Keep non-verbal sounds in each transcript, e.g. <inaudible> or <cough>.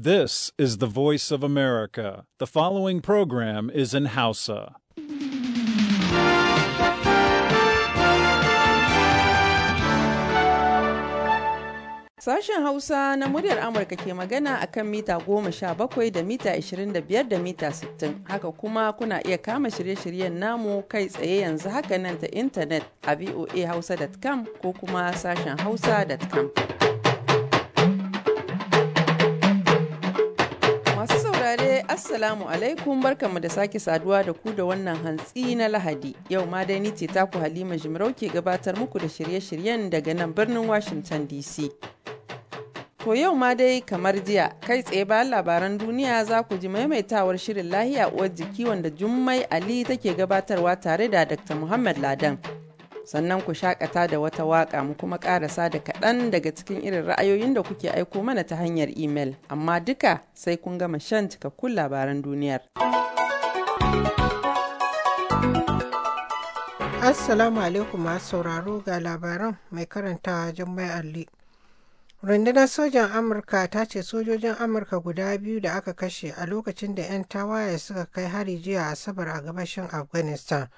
This is the voice of America. The following program is in Hausa. Sashen Hausa na muryar Amurka ke magana a kan mita goma sha bakwai da mita 25 da mita 60. Haka kuma kuna iya kama shirye-shiryen namu kai tsaye yanzu haka nan ta intanet a voahausa.com ko kuma sashen hausa.com. saurare Assalamu alaikum barkanmu da sake saduwa da ku da wannan hantsi na Lahadi. Yau ma dai ni ce taku Halima Jimarau ke gabatar muku da shirye-shiryen daga nan birnin Washington DC. To yau ma dai kamar jiya kai tsaye bayan labaran duniya za ku ji maimaitawar shirin lahiya uwar jiki wanda Jummai Ali take gabatarwa tare da Dr. Muhammad Ladan. sannan ku shakata da wata waka mu kuma karasa da kaɗan daga cikin irin ra'ayoyin da kuke aiko mana ta hanyar imel amma duka sai kun gama shan cikakkun labaran duniyar. Assalamu alaikum masu sauraro ga labaran mai karanta Jummai Alli. Rundunar sojan Amurka ta ce sojojin Amurka guda biyu da aka kashe a lokacin da 'yan tawaye suka kai hari jiya Asabar a gabashin Afghanistan.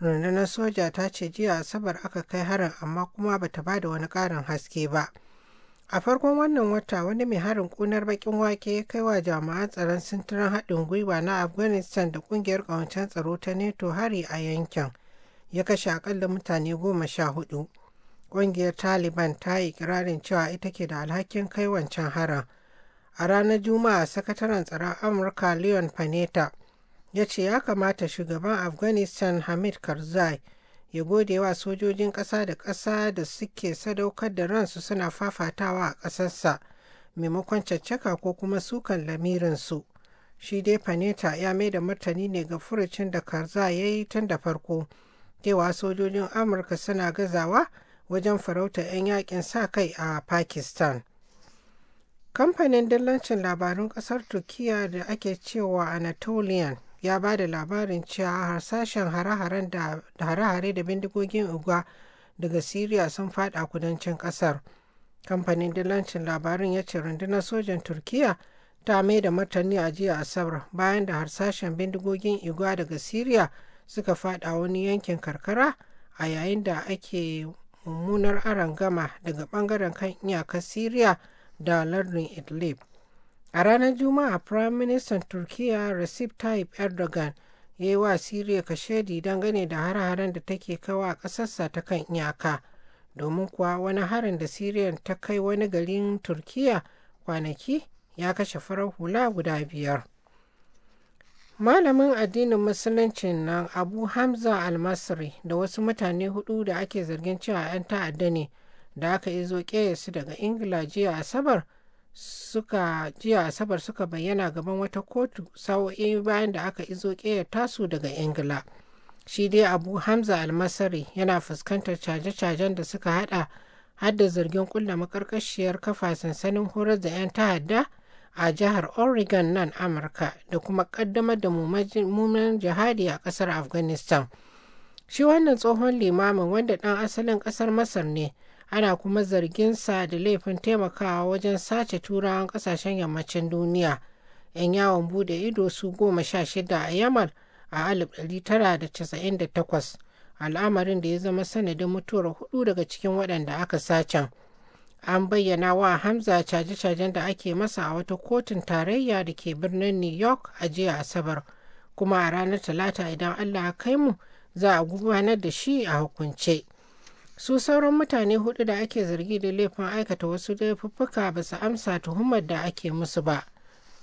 rundunar soja ta ce jiya asabar aka kai harin amma kuma bata ba da wani ƙarin haske ba a farkon wannan wata wani mai harin kunar bakin wake ya kai wa jami'an tsaron sintirin haɗin gwiwa na afghanistan da ƙungiyar ƙawancen tsaro ta neto hari a yankin ya kashe akalla mutane goma sha hudu ƙungiyar taliban ta yi kirarin cewa ita ke da alhakin kai wancan harin a ranar juma'a sakataren tsaron amurka leon paneta ya ce ya kamata shugaban afghanistan hamid karzai ya gode wa sojojin ƙasa da ƙasa da suke sadaukar da ransu suna fafatawa a ƙasarsa maimakon caccaka ko kuma sukan lamirinsu shi dai faneta ya mai da martani ne ga furucin da Karzai ya yi tun da farko cewa sojojin amurka suna gazawa wajen farauta 'yan yakin sa kai a pakistan kamfanin dillancin labarun kasar turkiya da ake cewa anatolian ya ba da labarin cewa harsashen hare-hare da bindigogin Uguwa daga Siriya sun fada kudancin kasar. Kamfanin dillancin labarin ya ce rundunar sojan Turkiyya ta mai da martani a jiya Asabar bayan da harsashen bindigogin igwa daga Siriya suka fada wani yankin karkara a yayin da ake mummunar gama daga bangaren kan iyakar Siriya da lardin Idlib. a ranar juma'a prime minister turkiyya recep tayyip erdogan ya yi wa siriya kashedi dangane da har-haren da take kawa a ƙasarsa ta kan iyaka domin kuwa wani harin da siriya ta kai wani garin turkiyya kwanaki ya kashe farar hula guda biyar malamin addinin musuluncin na abu hamza almasri da wasu mutane hudu da ake zargin cewa 'yan ta'adda ne da aka izo su daga ingila jiya asabar suka jiya asabar suka bayyana gaban wata kotu sa'o'i bayan da aka izo ƙeyar tasu daga ingila shi dai abu hamza almasari yana fuskantar caje-cajen da suka hada hadda zargin kulla makarkashiyar kafa sansanin horar da 'yan ta'adda a jihar oregon nan amurka da kuma kaddamar da mummunan jihadi a kasar afghanistan shi wannan tsohon limamin wanda dan asalin kasar masar ne ana kuma zarginsa da laifin taimakawa wajen sace turawan kasashen yammacin duniya 'yan yawon bude ido su goma sha shida a Yamar a 1998 al'amarin da ya zama sanadin mutuwar hudu daga cikin waɗanda aka sacen an bayyana wa hamza caje-cajen da ake masa a wata kotun tarayya da ke birnin new york a jiya asabar kuma a ranar talata idan allah a kai mu za a gudanar da shi a hukunce su sauran mutane hudu da ake zargi da laifin aikata wasu laifuffuka ba su amsa tuhumar da ake musu ba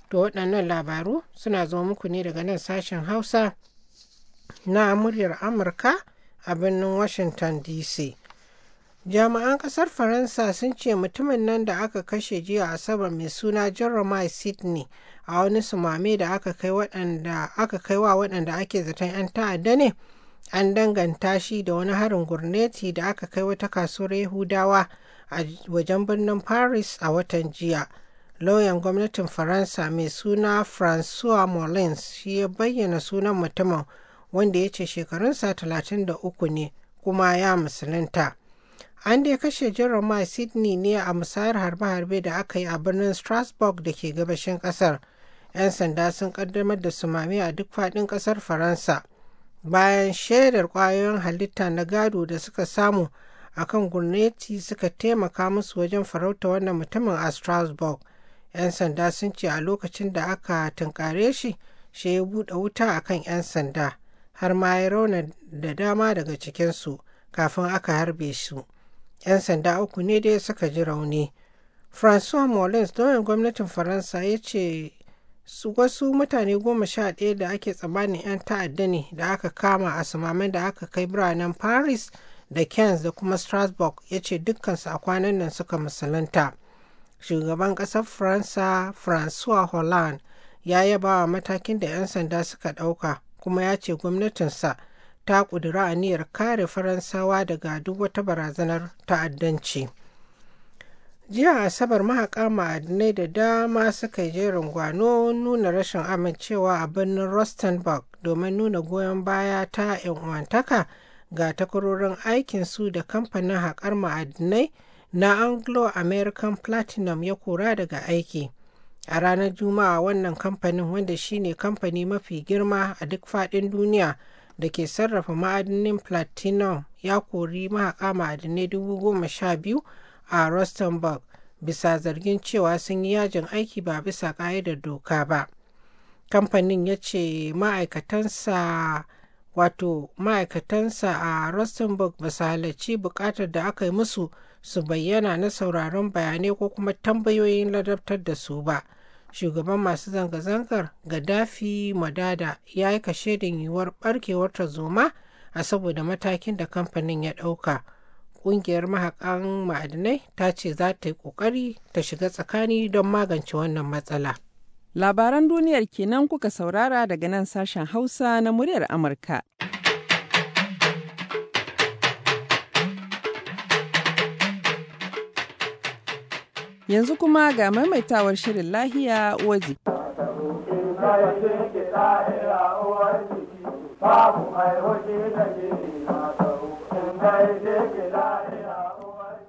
to waɗannan labaru suna zo muku ne daga nan sashen hausa na muryar amurka a birnin washington dc jami'an ƙasar faransa sun ce mutumin nan da aka kashe jiya asabar mai suna jeremiah sydney a wani sumame da aka kai wa waɗanda ake zaton 'yan ta'adda ne an danganta shi da wani harin gurneti da aka kai wata kasuwar yahudawa a wajen birnin paris a watan jiya lauyan gwamnatin faransa mai suna francois molins shi ya bayyana sunan mutumin wanda ya ce shekarunsa 33 ne kuma ya musulunta an dai kashe jeremiah sydney ne a musayar harbe-harbe da aka yi a birnin strasbourg da ke gabashin kasar 'yan sanda sun kaddamar da sumami a duk faɗin kasar faransa bayan shaidar ƙwayoyin halitta na gado da suka samu a kan gwamnati suka taimaka musu wajen farauta wannan mutumin a strasbourg 'yan sanda sun ce a lokacin da aka tunkare shi shi ya buɗe wuta a kan 'yan sanda har ma ya rauna da dama daga cikinsu kafin aka harbe su 'yan sanda uku ne dai suka ji rauni francois molins doyen gwamnatin faransa ya ce su wasu mutane goma sha ɗaya da ake tsammanin 'yan ta'adda ne da aka kama a samamin da aka kai biranen paris da cairns da kuma strasbourg ya ce dukkansu a kwanan nan suka musulunta shugaban ƙasar faransa François hollande ya yaba wa matakin da 'yan sanda suka ɗauka kuma ya ce gwamnatinsa ta ƙudura aniyar kare faransawa daga duk wata barazanar ta'addanci. jiya asabar mahaƙa ma'adinai da dama suka je jerin nuna rashin amincewa a birnin rustenburg domin nuna goyon baya ta 'yan uwantaka ga takwarorin aikinsu da kamfanin haƙar ma'adinai na anglo-american platinum ya kora daga aiki a ranar juma'a wannan kamfanin wanda shine kamfani mafi girma a duk faɗin duniya da ke sarrafa ma'adinin platinum ya kori mahaƙa ma'adinai dubu goma sha biyu a rustenburg bisa zargin cewa sun yi yajin aiki ba bisa ƙa'idar doka ba kamfanin ya ce ma'aikatansa wato ma'aikatansa a rustenburg ba halarci buƙatar da aka yi musu su bayyana na sauraron bayanai ko kuma tambayoyin ladabtar da su ba shugaban masu zanga-zangar gaddafi madada ya yi kashe da yiwuwar barkewar zoma a saboda matakin da kamfanin ya ɗauka ƙungiyar mahaƙan ma'adinai ta ce za ta yi ƙoƙari ta shiga tsakani don magance wannan matsala. Labaran duniyar kenan kuka saurara daga nan sashen Hausa na muryar Amurka. Yanzu kuma ga maimaitawar shirin lahiya waje. lafiya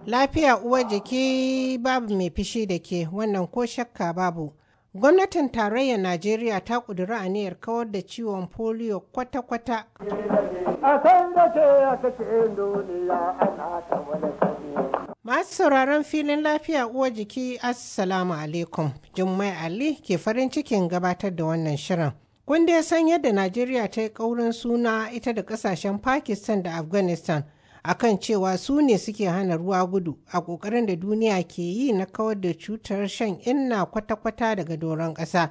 lafiya uwar jiki babu mai fishi da ke wannan ko shakka babu gwamnatin tarayyar najeriya ta kudura aniyar kawar da ciwon polio kwata-kwata masu sauraron filin lafiya uwar jiki assalamu alaikum jummai ali ke farin cikin gabatar da wannan shirin Kun dai san yadda Najeriya ta yi ƙaurin suna ita da ƙasashen Pakistan da Afghanistan akan cewa su ne suke hana ruwa gudu a ƙoƙarin da duniya ke yi na kawar da cutar shan inna kwata-kwata daga doron ƙasa.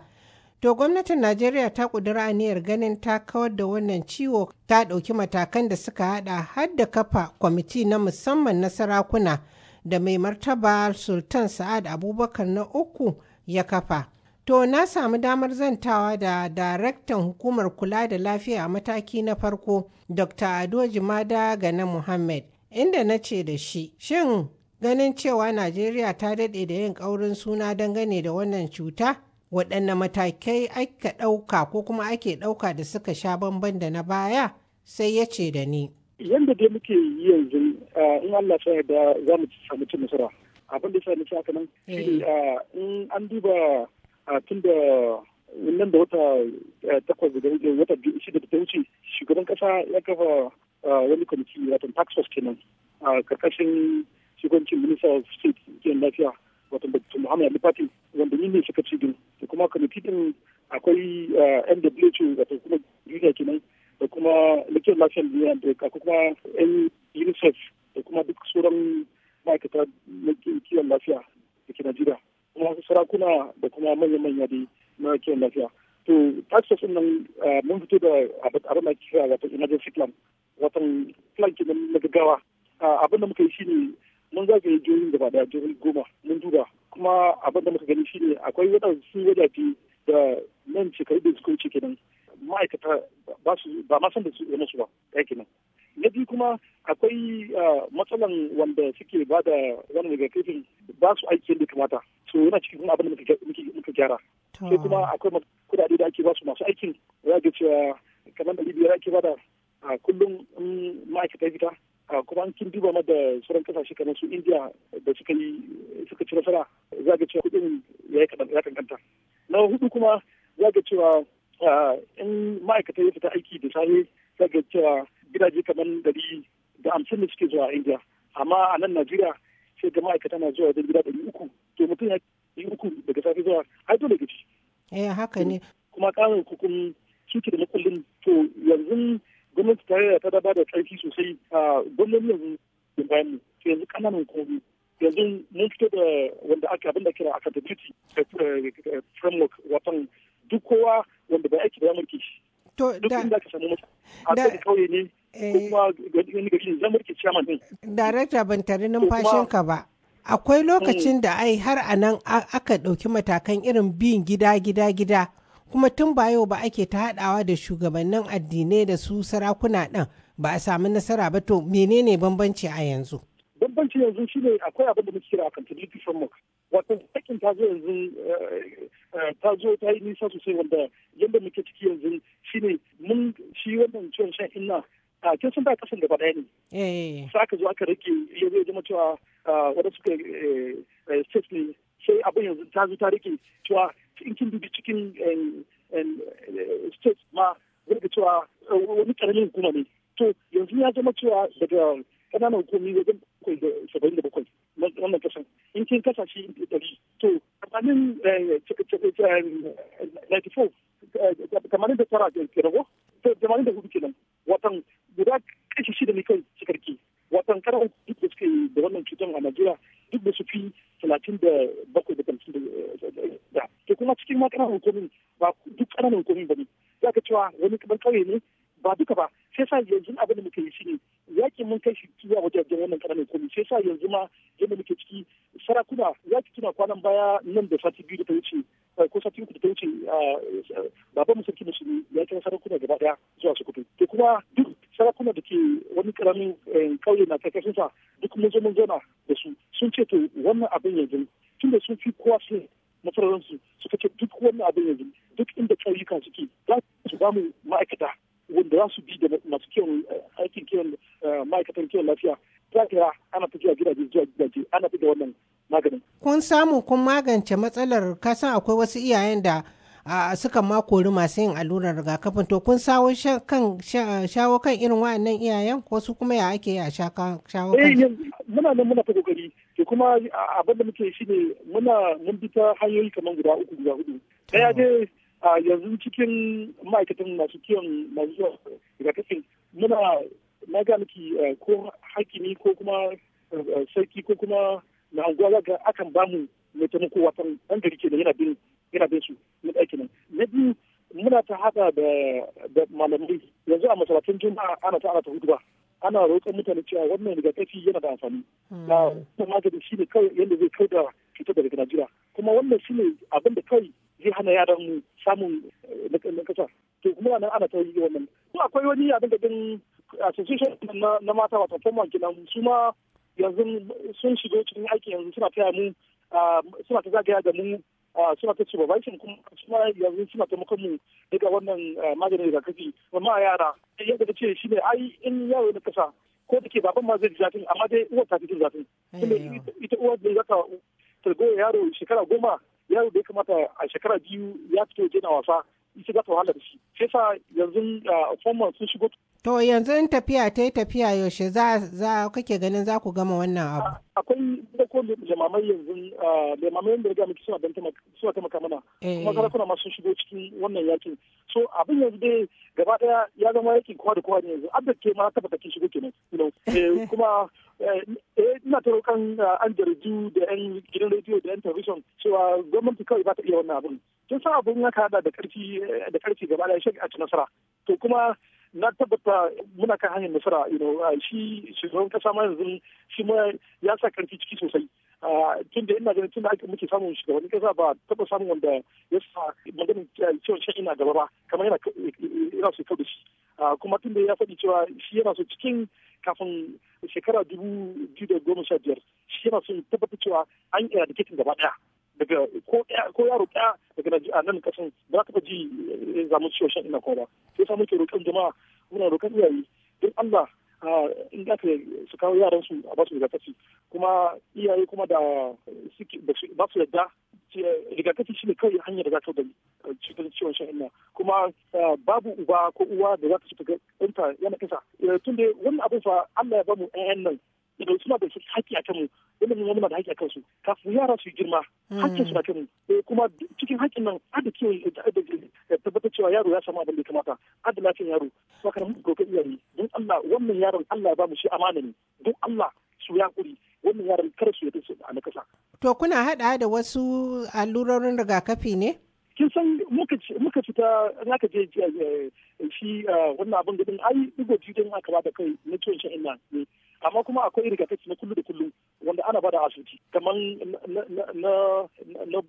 To gwamnatin Najeriya ta ƙudura aniyar ganin ta kawar da wannan ciwo ta ɗauki matakan da suka haɗa har da kafa kwamiti na musamman na sarakuna da mai martaba Sultan Sa'ad Abubakar na uku ya kafa. To na samu damar zantawa da daraktan hukumar kula da lafiya a mataki na farko Dr. Ado Jimada Gana Muhammad inda na ce da shi, shin ganin cewa Najeriya ta daɗe da yin ƙaurin suna dangane da wannan cuta waɗanne matakai aka ɗauka ko kuma ake ɗauka da suka sha bamban da na baya sai ya ce da ni. Yanda dai muke yi yanzu ah, in Allah ta yarda za mu samu ci nasara. Abin da sa ni sa nan eh. ah, in an duba a tun da nan da wata eh, takwas da garin wata biyu shida da ta wuce shugaban kasa ya kafa eh, wani kwamiti wato tax force kenan a karkashin shugabancin minister of state kiyan lafiya wato dr muhammad pati wanda ni ne suka ci din da kuma kwamiti din akwai mwho eh, wato kuma duniya kenan da kuma likitan lafiyar duniya da akwai kuma yan unicef da kuma duk sauran ma'aikata na kiwon lafiya da ke najeriya masu sarakuna da kuma manya-manya dai na kiwon lafiya. To taxes ɗin nan eh, mun fito da abin da kira wato emergency plan watan plan nan na gaggawa. Ah, abin da muka yi shine mun yi jihohin gaba da jihohin goma mun duba kuma abin da muka gani shine akwai waɗansu wajaje da nan shekaru da suka wuce kenan ma'aikata ba su ba ma san da su yi su ba aiki nan. Na biyu kuma akwai ah, matsalan wanda suke ba da wani rigakafin ba su aiki yadda kamata. so yana cikin abin da muka gyara sai kuma akwai kudade da ake ba su masu aikin za ga cewa kamar ɗari biyar ake bada a kullum ma'aikata fita kuma an kin duba da sauran kasashe kamar su india da suka yi suka ci nasara za ga cewa kudin ya yi ya kankanta na hudu kuma za ga cewa in ma'aikata ya fita aiki da safe za ga cewa gidaje kamar dari da hamsin da suke zuwa indiya amma a nan najeriya sai ga ma'aikata na zuwa wajen gida ɗari uku to mutum ya yi uku daga safe zuwa har dole gaci. eh haka ne. kuma kamun kukun suke da makullin to yanzu gwamnati ta ta ba bada tsarki sosai a gwamnati yanzu da bayan mu to yanzu kananan komi yanzu mun fito da wanda aka abin da kira accountability eh, framework watan duk kowa wanda bai aiki ba ya mulki shi. to da duk inda aka samu mutane a kauye ne Eh, kuma wani gashi zan ban tare ka ba akwai lokacin mm. da ai har a nan aka ɗauki matakan irin bin gida gida gida kuma tun ba yau ba ake ta haɗawa da shugabannin addinai da su sarakuna ɗin ba a samu nasara ba to menene bambanci a yanzu bambanci yanzu shi ne akwai abin da muke kira accountability mu wato sakin ta zo yanzu eh, eh, ta zo ta yi nisa sosai wanda yadda muke ciki yanzu shi ne mun shi wannan ciwon shan inna a kin sun da kasan gaba ɗaya ne eh. sai aka zo aka rike ya zai zama cewa ah, wadda suka eh, eh, state ne sai abin yanzu ta zo ta rike cewa in kin dubi cikin state ma zai ga cewa wani karamin hukuma ne to yanzu ya zama cewa daga ƙananan hukumi wajen 77 da bakwai wannan kasan in kin kasa shi ɗari to tamanin eh, eh, ninety four eh, tamanin da tara ke rago tamanin da hudu kenan watan guda kashi shida ne kawai cikarki watan karan duk da suke da wannan cutar a najeriya duk da su fi talatin da bakwai da talatin da to kuma cikin ma ƙananan hukumin ba duk ƙananan hukumin ba ne za ka cewa wani kamar kawai ne ba duka ba sai sa yanzu abin da muke yi shine yaki mun kai shi zuwa wajen wannan karamin komi sai sa yanzu ma yadda muke ciki sarakuna ya ci tuna kwanan baya nan da sati biyu da ta wuce eh, ko sati uku da ta wuce ah, baban sarki musulmi ya kira sarakuna gaba daya zuwa su kudu to kuma duk sarakuna da ke wani karamin kauye eh, na karkashin duk mun zo mun zauna da su sun ce to wannan abin yanzu tunda sun fi kowa sai masararransu suka ce duk wannan abin yanzu duk inda kauyuka suke za su ba mu ma'aikata wanda za su bi da masu kiwon eh, aikin kiwon eh, ma'aikatan kiwon lafiya kira ana tafiya gidaje zuwa gidaje ana fi da wannan maganin. Kun samu kun magance matsalar kasan akwai wasu iyayen da suka ma kori masu yin allurar rigakafin to kun sawo kan shawo kan irin wa'annan iyayen ko su kuma ya ake a shawo kan eh, muna nan muna ta kokari ke kuma abin da muke shine muna mun bi ta hanyoyi kamar guda uku guda hudu daya dai a yanzu cikin ma'aikatan masu kiwon masu zuwa rigakafin muna na ga miki eh, ko hakimi ko kuma eh, sarki ko kuma na anguwa ga akan bamu mai taimako watan ɗan gari ke yana bin yana bin su na ɗaki nan na biyu muna ta haɗa da malamai yanzu a masaratun juma'a ana ta ana ta hudu ba ana roƙon mutane cewa wannan rigakafi yana da amfani hmm. na wannan magani shi ne kawai yadda zai kai da daga najeriya kuma wannan shi ne abin da kawai zai hana yaran samun eh, nakasa to kuma wannan ana ta yi wannan to akwai wani abin da din association na mata wato formal kenan su ma yanzu sun shigo cikin aiki yanzu suna taya mu ah, suna ta zagaya da mu ah, suna ta ci supervision kuma su ma yanzu suna taimakon mu daga wannan eh, maganin rigakafi amma yara yadda ta ce shi ne ai in yaro na kasa ko da ke baban ma zai ji zafin amma dai uwar ta fi zafin ita uwar da za ta targo yaro shekara goma yaro da ya kamata a shekara biyu ya fito waje na wasa ita za ta wahala da shi sai sa yanzu ah, formal sun shigo to yanzu in tafiya ta yi tafiya yaushe za za kake ganin za ku gama wannan abu ah, akwai da ko limamai yanzu ah, limamai da gami muke suna dan suna taimaka mana eh, eh. kuma sarakuna ma sun shigo cikin wannan yakin so abin yanzu dai gaba daya ya zama yakin kowa da kowa ne yanzu da ke ma tabbata kin shigo kenan <laughs> eh, kuma ina ta roƙon uh, an jaridu da 'yan gidan rediyo da 'yan talabijin cewa gwamnati kawai ba ta iya wannan abin kin sa abin ya kada da ƙarfi da ƙarfi gaba da shi a ci nasara to kuma na tabbata muna kan hanyar nasara you know uh, shi shugaban kasa ma yanzu shi ma ya sa karfi ciki sosai uh, tun da ina ganin tun da ake muke samun shugabannin kasa ba taba samun wanda ya sa maganin ciwon shan ina gaba ba kamar yana yana su kau da shi Ah, kuma tunda ya faɗi cewa shi yana so cikin kafin shekara dubu biyu da goma sha biyar shi yana so tabbatar cewa an eradicating gaba ɗaya daga ko yaro ɗaya daga nan kasan ba za ka ji zamu ciwo shan ina ko ba sai sa muke roƙon jama'a muna roƙon iyaye don Allah ah, in da ka su kawo yaran su a basu rigakafi kuma iyaye kuma da ba su yarda rigakafi shi ne kawai hanyar da za ta cutar ciwon shan kuma eh, babu uba ko uwa da za ta cuta ɗanta yana kisa eh, tun da wannan abin fa Allah ya bamu ƴaƴan nan idan suna da haƙƙi a kanmu wanda mun muna da haƙƙi a kansu kafin yara su girma hmm. haƙƙin su na kanmu eh, kuma cikin haƙƙin nan ada kiwon da tabbatar cewa yaro ya samu abin da ya kamata ada lafiyar yaro kana mun gobe iyaye don Allah wannan yaron Allah ya bamu shi amana ne don Allah su ya kuri wannan yaron kar su yi da a na kasa. To kuna haɗa da wasu allurorin rigakafi ne? kin san muka fita za ka je eh, eh, shi eh, wannan abin gudun ai digo jirgin aka ba da kai na ciwon shi ina ne amma kuma akwai rigakafi na kullu da kullu wanda ana bada asibiti kamar na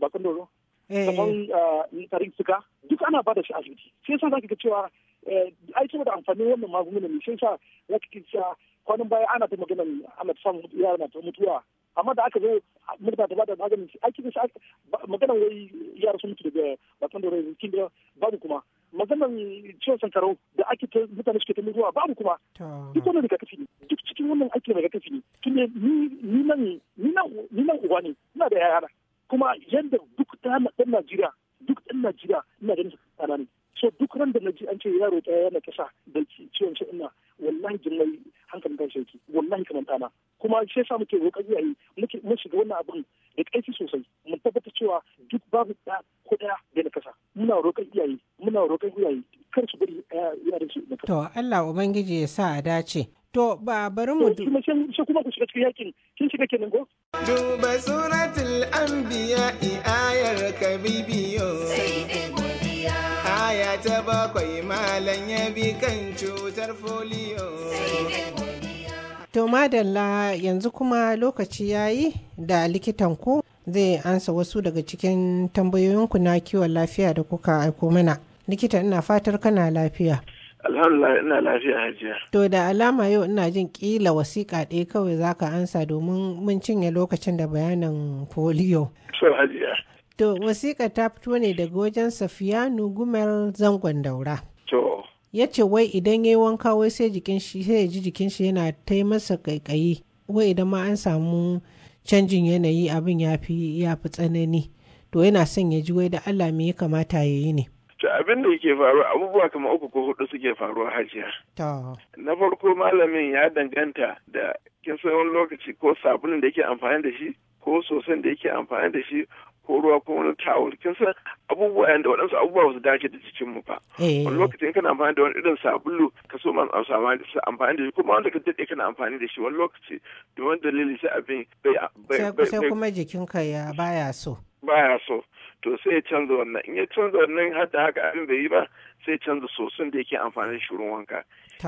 bakon doro Eh. kaman ah, tarin suka duk ana bada shi asibiti sai yasa zaki ga cewa eh, ai saboda amfani wannan magungunan ne sai yasa zaki ga cewa kwanan baya ana ta magana ana ta samun yara na ta mutuwa amma da aka zo murna da bada maganin ai da shi magana wai yara sun mutu daga batan da rai kin da babu kuma maganan ciwon sankarau da ake ta mutane suke ta mutuwa babu kuma duk wannan rigakafi ne duk cikin wannan ake rigakafi ne tun ni nan ni nan uba ne ina da yara kuma yadda duk ɗan Najeriya duk ɗan Najeriya ina ganin tsana ne so duk ran da naji an ce yaro ta yana kasa da ciwon shi ina wallahi jinnai hankalin kan shauki wallahi kamar ɗana kuma shi yasa muke roƙari a muke mun shiga wannan abin da kaifi sosai mun tabbata cewa duk babu ɗa ko ɗaya da na kasa muna roƙar iyaye muna roƙar iyaye kar su bari eh, yana su to Allah ubangiji ya sa a dace To ba bari mu duk. Kuma kuma ku shiga cikin yakin kin shiga kenan ko? Duba suratul anbiya ayar kabibiyo. Sai Aya ta bakwai malam ya bi kan cutar foliyo. To madalla yanzu kuma lokaci yayi da likitan ku zai ansa wasu daga cikin tambayoyinku na kiwon lafiya da kuka aiko mana. Likita ina fatar kana lafiya. Alhamdulillah ina lafiya hajiya. To da alama yau ina jin kila wasiƙa ɗaya kawai za ka ansa domin mun cinye lokacin da bayanin polio. To wasiƙa ta fito ne daga wajen Safiyanu Gumar zangon daura. To. Ya ce wai idan ya yi wanka wai sai jikin shi sai ya ji jikin shi yana ta masa ƙaiƙayi. Wai idan ma an samu canjin yanayi abin ya fi ya fi tsanani. To yana son ya ji wai da Allah me ya kamata ya yi ne. abin da yake faruwa abubuwa kamar uku ko hudu suke faruwa hajiya. Na farko malamin ya danganta da kin san wani lokaci ko sabulun da yake amfani da shi ko sosan da yake amfani da shi ko ruwa ko wani tawul kin san abubuwa yanda waɗansu abubuwa su dace da jikin mu ba. Eh. Wani lokacin kana amfani da wani irin sabulu ka so man amfani da shi kuma wanda ka dade kana amfani da shi wani lokaci domin dalili sai abin bai bai bai. Sai kuma jikinka ya baya so. Baya so. to sai ya canza wannan in ya canza wannan har da haka abin bai yi ba sai ya canza soson da yake amfani da shirin wanka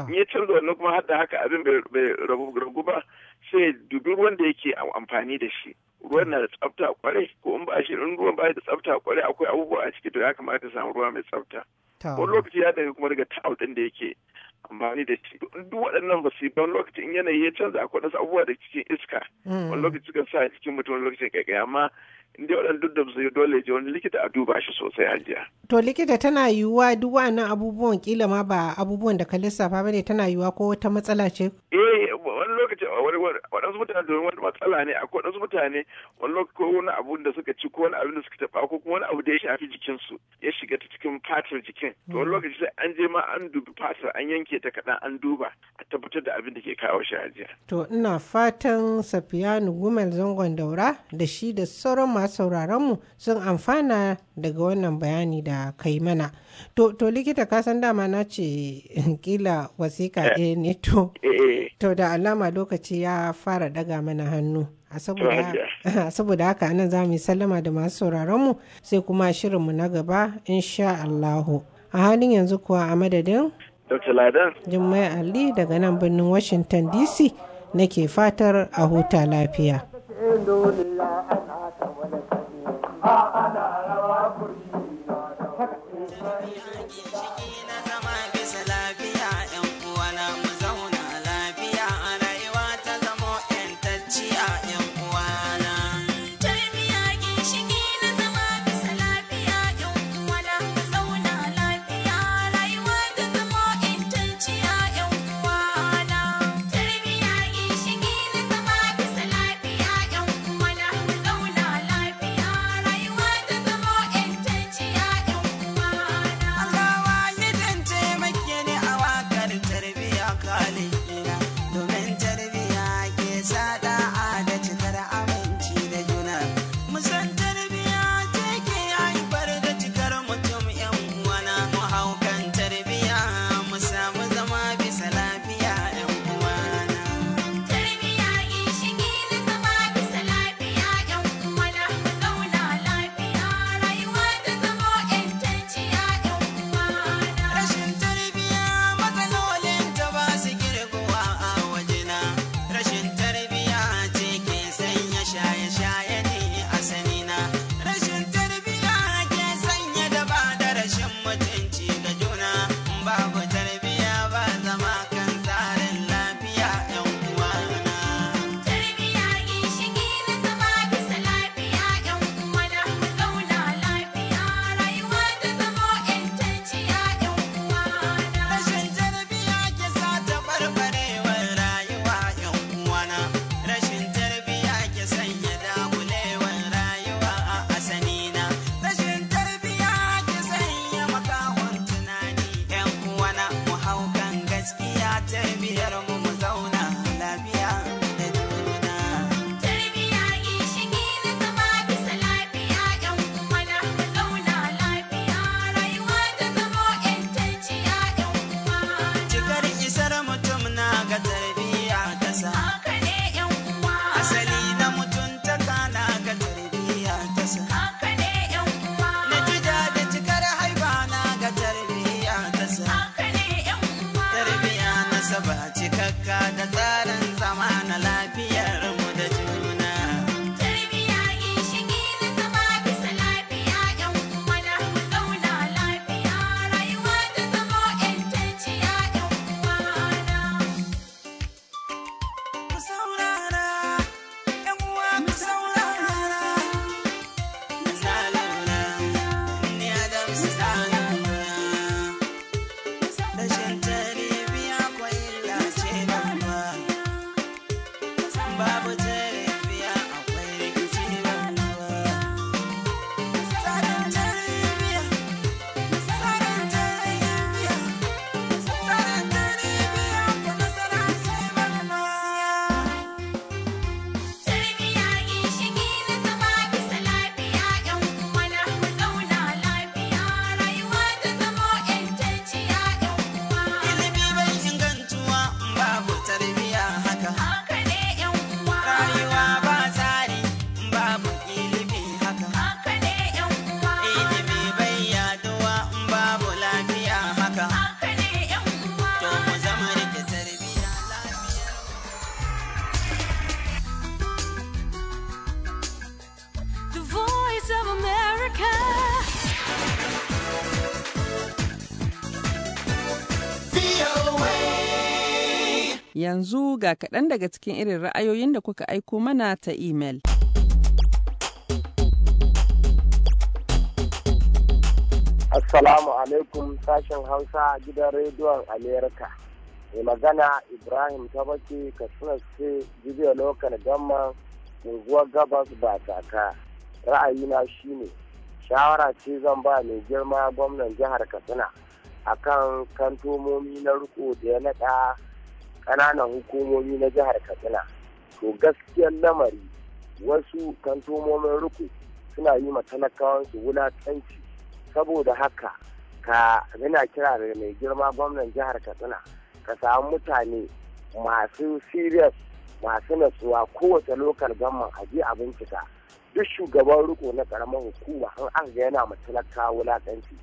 in ya canza wannan kuma har da haka abin bai ragu ba sai dubi ruwan da yake amfani da shi ruwan na da tsafta kwarai ko in ba shi in ruwan ba da tsafta kwarai akwai abubuwa a ciki to ya kamata samu ruwa mai tsafta wani lokaci ya daga kuma daga ta'au din da yake amfani da shi duk waɗannan ba su yi wani lokaci in yanayi ya canza akwai wasu abubuwa da cikin iska mm. wani lokaci suka sa cikin mutum wani lokaci kaikai amma inda waɗanda duk da su dole je wani likita a duba shi sosai hajiya. To likita tana yiwuwa duk wa'annan abubuwan kila ma ba abubuwan da ka lissafa ne tana yiwuwa ko wata matsala ce? Eh wani lokaci waɗansu mutane domin wani matsala ne akwai waɗansu mutane wani lokaci ko wani abu da suka ci ko wani abu da suka taɓa ko kuma wani abu da ya shafi jikinsu ya shiga ta cikin fatar jikin. To wani mm. lokaci sai an je ma an dubi fatar an yanke ta kaɗan an duba tabbatar da abin da ke kawo shi hajiya. To ina fatan Safiyanu Gumel zangon daura da shi da sauran masu mu sun amfana daga wannan bayani da kai mana. To, to likita ka san dama na ce <laughs> kila wasika eh. ɗaya ne to. Eh, eh. To da alama lokaci ya fara daga mana hannu. a <laughs> saboda haka anan za mu yi sallama da masu mu sai kuma shirin mu na gaba insha Allahu. A halin yanzu kuwa a madadin? Dr. Ladan. Jummai Ali daga nan birnin Washington DC nake fatar a huta lafiya. Yanzu ga kaɗan daga cikin irin ra'ayoyin da kuka aiko mana ta imel. Assalamu alaikum sashen Hausa gidan rediyon Amerika. Mai magana Ibrahim Tabaki Katsina ce Jibiyar Lokal Gamman Unguwar Gabas ba taka. Ra'ayina shine shawara ce zan ba mai girma gwamnan jihar Katsina akan kantomomi na riko da ya naɗa kananan hukumomi na jihar katsina to gaskiyar lamari wasu kantomomin ruku suna yi ma talakawansu wulatanci saboda haka ka yana kira da mai girma gwamnan jihar katsina ka samu mutane masu serious masu natsuwa kowace lokal gamman a a bincika duk shugaban riko na karamar hukuma an aka yana ma talakawa wulatanci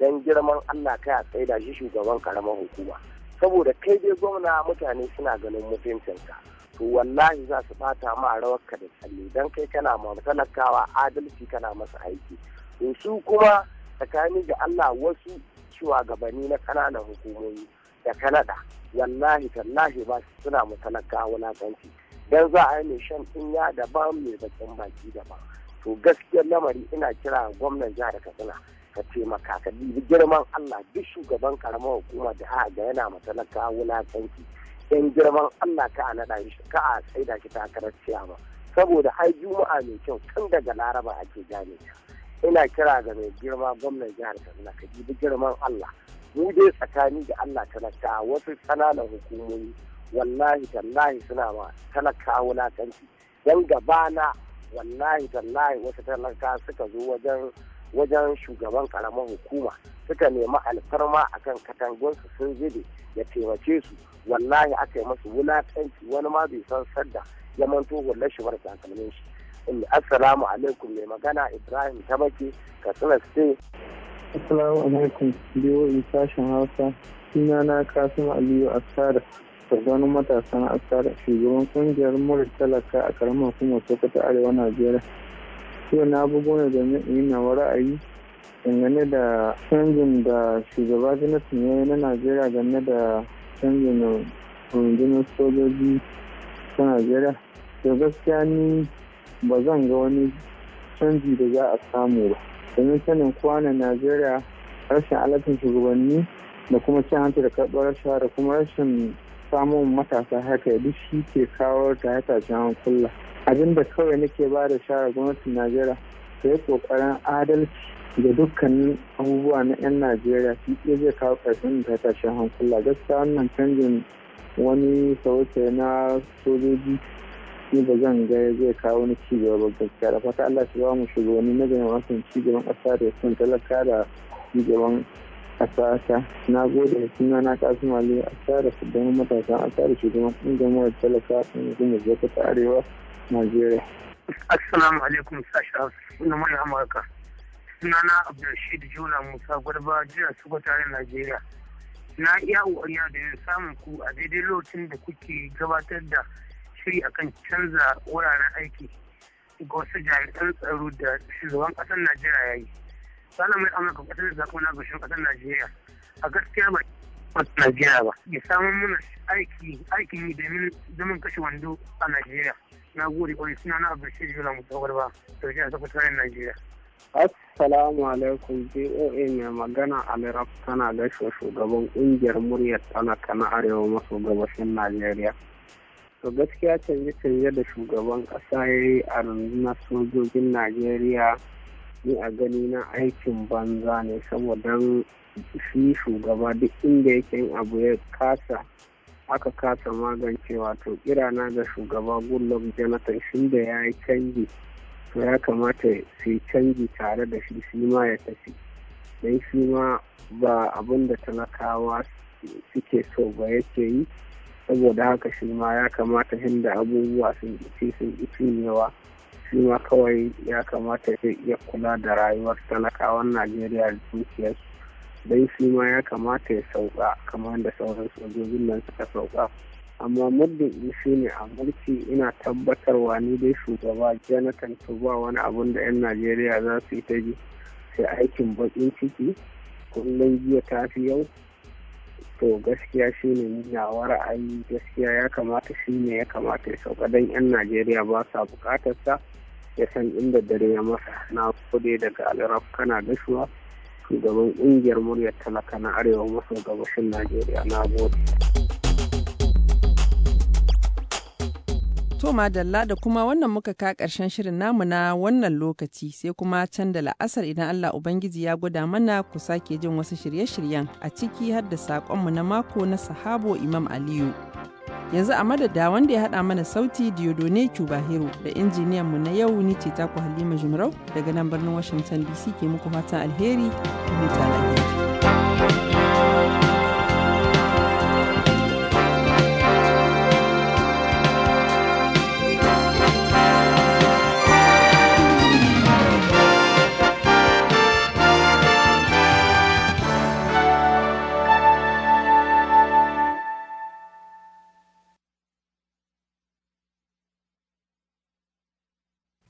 don girman allah kai a tsaida shi shugaban karamar hukuma saboda kai dai gwamna mutane suna ganin mutuncinka to wallahi za su bata ma rawarka da tsalle don kai kana ma talakawa adalci kana masa aiki to su kuma tsakani ga Allah wasu shugabanni na kananan hukumomi da kanada wallahi tallahi ba su suna mu talakawa wulakanci dan za a yi mai shan ɗinya daban mai bakin baki daban to gaskiyar lamari ina kira gwamnan jihar Katsina ka taimaka ka dibi girman Allah duk shugaban karamar hukuma da a ga yana matalaka wulakanci yan girman Allah ka a naɗa shi ka a tsaida shi takarar ciyama saboda ai juma'a mai kyau tun daga laraba ake gane ta ina kira ga mai girma gwamnan jihar Kaduna ka bi girman Allah mu dai tsakani da Allah talaka wasu kananan hukumomi wallahi tallahi suna ma talaka wulakanci dan gabana wallahi tallahi wasu talaka suka zo wajen wajen shugaban karamar hukuma suka nemi alfarma a akan katangunsu sun zube ya taimake su wallahi aka yi masu wulaƙanci wani ma bai san sadda ya manto hular shi marasa kalmin shi assalamu alaikum mai magana ibrahim tabaki katsina ste assalamu alaikum biyo sashen hausa suna na kasim aliyu asada shugaban matasan tsada shugaban kungiyar murar talaka a karamar hukumar sokoto arewa najeriya yau na bugo da domin in yi nawa ra'ayi dangane da canjin da shugaba jonathan ya na najeriya game da canjin rundunar sojoji ta najeriya to gaskiya ni ba zan ga wani canji da za a samu ba domin sanin kwanan najeriya rashin alaƙin shugabanni da kuma cin hanci da karɓar rasha da kuma rashin samun matasa haka duk shi ke kawo ta haka hankula. abin da kawai nake ba da shara gwamnatin najeriya ta yi kokarin adalci ga dukkanin abubuwa na 'yan najeriya shi ke zai kawo ƙarshen da ta tashin hankula gaskiya wannan canjin wani sauke na sojoji shi ba zan ga zai kawo wani cigaba ba gaskiya da fata allah shi ba mu shiga wani gani wasan cigaban ƙasa da sun talaka da cigaban ƙasa ta na gode da suna na kasu mali a tsara shugaban matasan a tsara shugaban ƙungiyar mara talaka a ƙungiyar ta arewa Najeriya. Assalamu alaikum sashen suna mai Amurka. Sunana Abdulrashid Juna, Musa Gwarba jihar Sokoto Najeriya. Na iya wariya da yin samun ku a daidai lokacin da kuke gabatar da shiri akan canza wuraren aiki ga wasu jami'an tsaro da shugaban ƙasar Najeriya ya yi. Salamai Amurka ƙasar da zaɓo na gashin ƙasar Najeriya. A gaskiya ba wasu Najeriya ba. Ya samun mana aiki aikin yi domin zaman kashe wando a Najeriya. na gode kwai suna na abdulshir yula mutawar ba da tafi sakutaren najeriya Assalamu alaikum doa mai magana Alirab tana gaishe shugaban kungiyar muryar talaka na arewa maso gabashin Najeriya. To gaskiya canje-canje da shugaban ƙasa ya yi a rundunar sojojin Najeriya ni a gani na aikin banza ne saboda shi shugaba duk inda yake abu ya kasa aka kasa magance wato kirana ga shugaba gullum jonathan shi da ya yi canji to ya kamata su yi canji tare da shi shi ma ya tafi don shi ma ba abin da talakawa suke so ba yake yi saboda haka shi ma ya kamata da abubuwa sun ci sun cinyewa shi ma kawai ya kamata iya kula da rayuwar talakawan najeriya da dukiyarsu don shi ma ya kamata ya sauka kamar da sauran sojojin nan suka sauka amma muddin shi ne a mulki ina tabbatarwa ni dai shugaba jonathan to ba wani abun da 'yan najeriya za su yi ta ji sai aikin bakin ciki kullum jiya ta fi yau to gaskiya shi ne nawa ra'ayi gaskiya ya kamata shi ne ya kamata ya sauka don 'yan najeriya ba sa bukatarsa ya san inda dare ya masa na kude daga alraf kana gashuwa shugaban ƙungiyar muryar talaka na arewa maso gabashin najeriya na gode To madalla da kuma wannan muka ka ƙarshen shirin namu na wannan lokaci sai kuma can da la'asar idan Allah Ubangiji ya gwada mana ku sake jin wasu shirye-shiryen a ciki har da saƙonmu na mako na sahabo Imam Aliyu. yanzu a madada wanda ya haɗa mana sauti diodone cubahiro da injiniyanmu na yau ni ce taku halima jimarau daga nan birnin washington dc ke muku fatan alheri huta lafiya